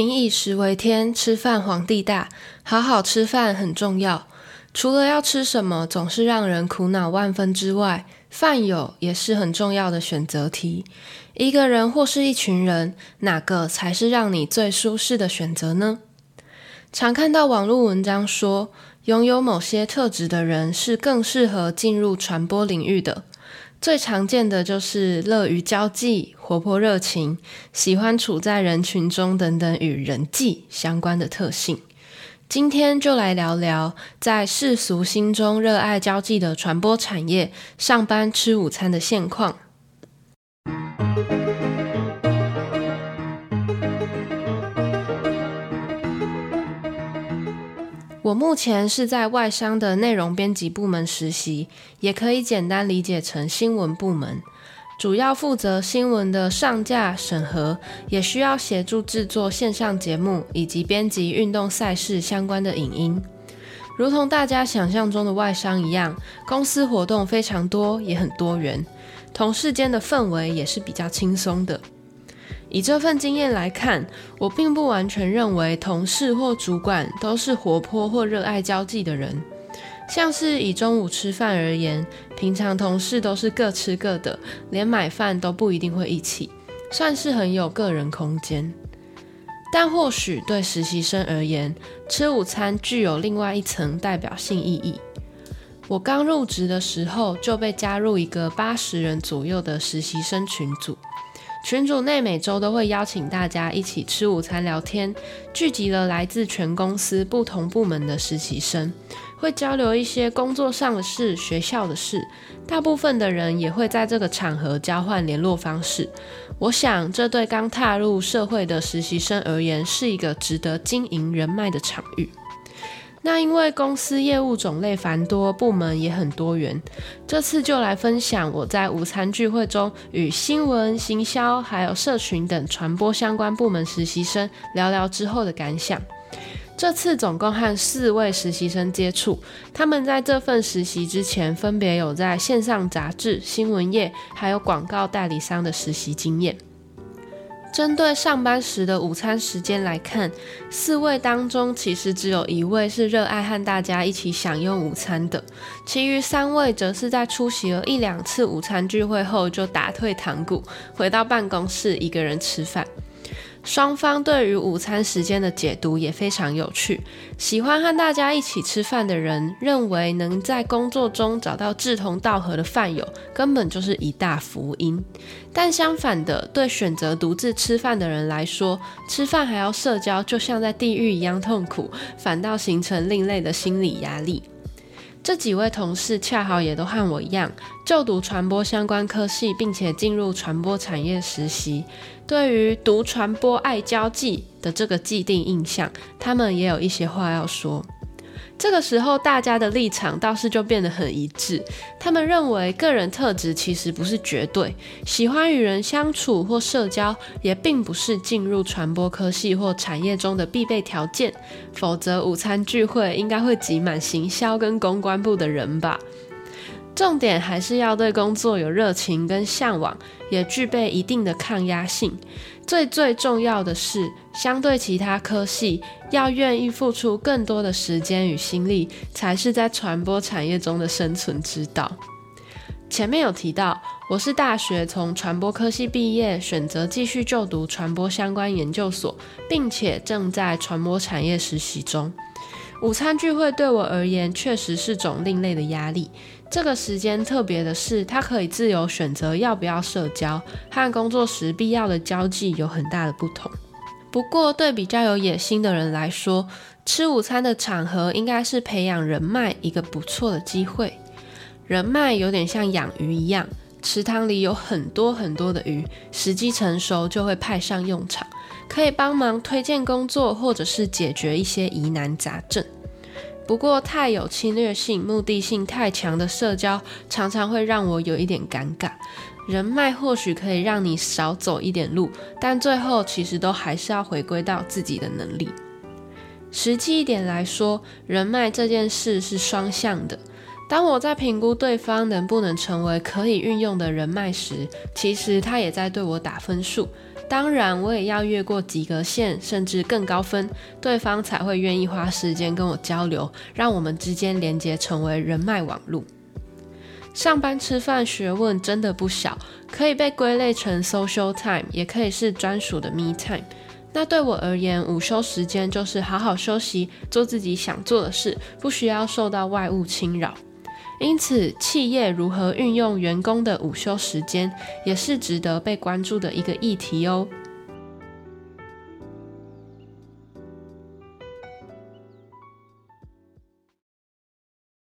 民以食為天，吃飯皇帝大，好好吃飯很重要。除了要吃什麼總是讓人苦惱萬分之外，飯友也是很重要的選擇題。一個人或是一群人，哪個才是讓你最舒適的選擇呢？常看到網絡文章說，擁有某些特質的人是更適合進入傳播領域的。最常見的就是樂於交際、活潑熱情、喜歡處在人群中等等與人際相關的特性。今天就來聊聊在世俗心中熱愛交際的傳播產業上班吃午餐的現況。我目前是在外商的內容編輯部門實習，也可以簡單理解成新聞部門，主要負責新聞的上架審核，也需要協助製作線上節目以及編輯運動賽事相關的影音。如同大家想象中的外商一樣，公司活動非常多，也很多元，同事間的氛圍也是比較輕鬆的。以這份經驗來看，我並不完全認為同事或主管都是活潑或熱愛交際的人。像是以中午吃飯而言，平常同事都是各吃各的，連買飯都不一定會一起，算是很有個人空間。但或許對實習生而言，吃午餐具有另外一層代表性意義。我剛入職的時候就被加入一個八十人左右的實習生群組。群組內每周都會邀請大家一起吃午餐聊天，聚集了來自全公司不同部門的實習生，會交流一些工作上的事、學校的事。大部分的人也會在這個場合交換聯絡方式。我想，這對剛踏入社會的實習生而言，是一個值得經營人脈的場域。那因為公司業務種類繁多，部門也很多元，這次就來分享我在午餐聚會中與新聞、行銷還有社群等傳播相關部門實習生聊聊之後的感想。這次總共和四位實習生接觸，他們在這份實習之前分別有在線上雜誌、新聞業還有廣告代理商的實習經驗。針對上班時的午餐時間來看，四位當中其實只有一位是熱愛和大家一起享用午餐的，其餘三位則是在出席了一兩次午餐聚會後就打退堂鼓，回到辦公室一個人吃飯。雙方對於午餐時間的解讀也非常有趣。喜歡和大家一起吃飯的人認為，能在工作中找到志同道合的飯友，根本就是一大福音。但相反的，對選擇獨自吃飯的人來說，吃飯還要社交，就像在地獄一樣痛苦，反倒形成另類的心理壓力。這幾位同事恰好也都和我一樣，就讀傳播相關科系，並且進入傳播產業實習。對於讀傳播愛交際的這個既定印象，他們也有一些話要說。這個時候，大家的立場倒是就變得很一致。他們認為，個人特質其實不是絕對，喜歡與人相處或社交，也並不是進入傳播科系或產業中的必備條件。否則，午餐聚會應該會擠滿行銷跟公關部的人吧？重點還是要對工作有熱情跟嚮往，也具備一定的抗壓性。最最重要的是，相對其他科系，要願意付出更多的時間與心力，才是在傳播產業中的生存之道。前面有提到，我是大學從傳播科系畢業，選擇繼續就讀傳播相關研究所，並且正在傳播產業實習中。午餐聚會對我而言確實是種另類的壓力。這個時間特別的是，它可以自由選擇要不要社交，和工作時必要的交際有很大的不同。不過，對比較有野心的人來說，吃午餐的場合應該是培養人脈一個不錯的機會。人脈有點像養魚一樣，池塘裡有很多很多的魚，時機成熟就會派上用場，可以幫忙推薦工作，或者是解決一些疑難雜症。不過，太有侵略性、目的性太強的社交，常常會讓我有一點尷尬。人脈或許可以讓你少走一點路，但最後其實都還是要回歸到自己的能力。實際一點來說，人脈這件事是雙向的。當我在評估對方能不能成為可以運用的人脈時，其實他也在對我打分數。當然，我也要越過及格線，甚至更高分，對方才會願意花時間跟我交流，讓我們之間連接成為人脈網路。上班吃飯學問真的不小，可以被歸類成 social time，也可以是專屬的 me time。那對我而言，午休時間就是好好休息，做自己想做的事，不需要受到外物侵擾。因此，企業如何運用員工的午休時間，也是值得被關注的一個議題哦。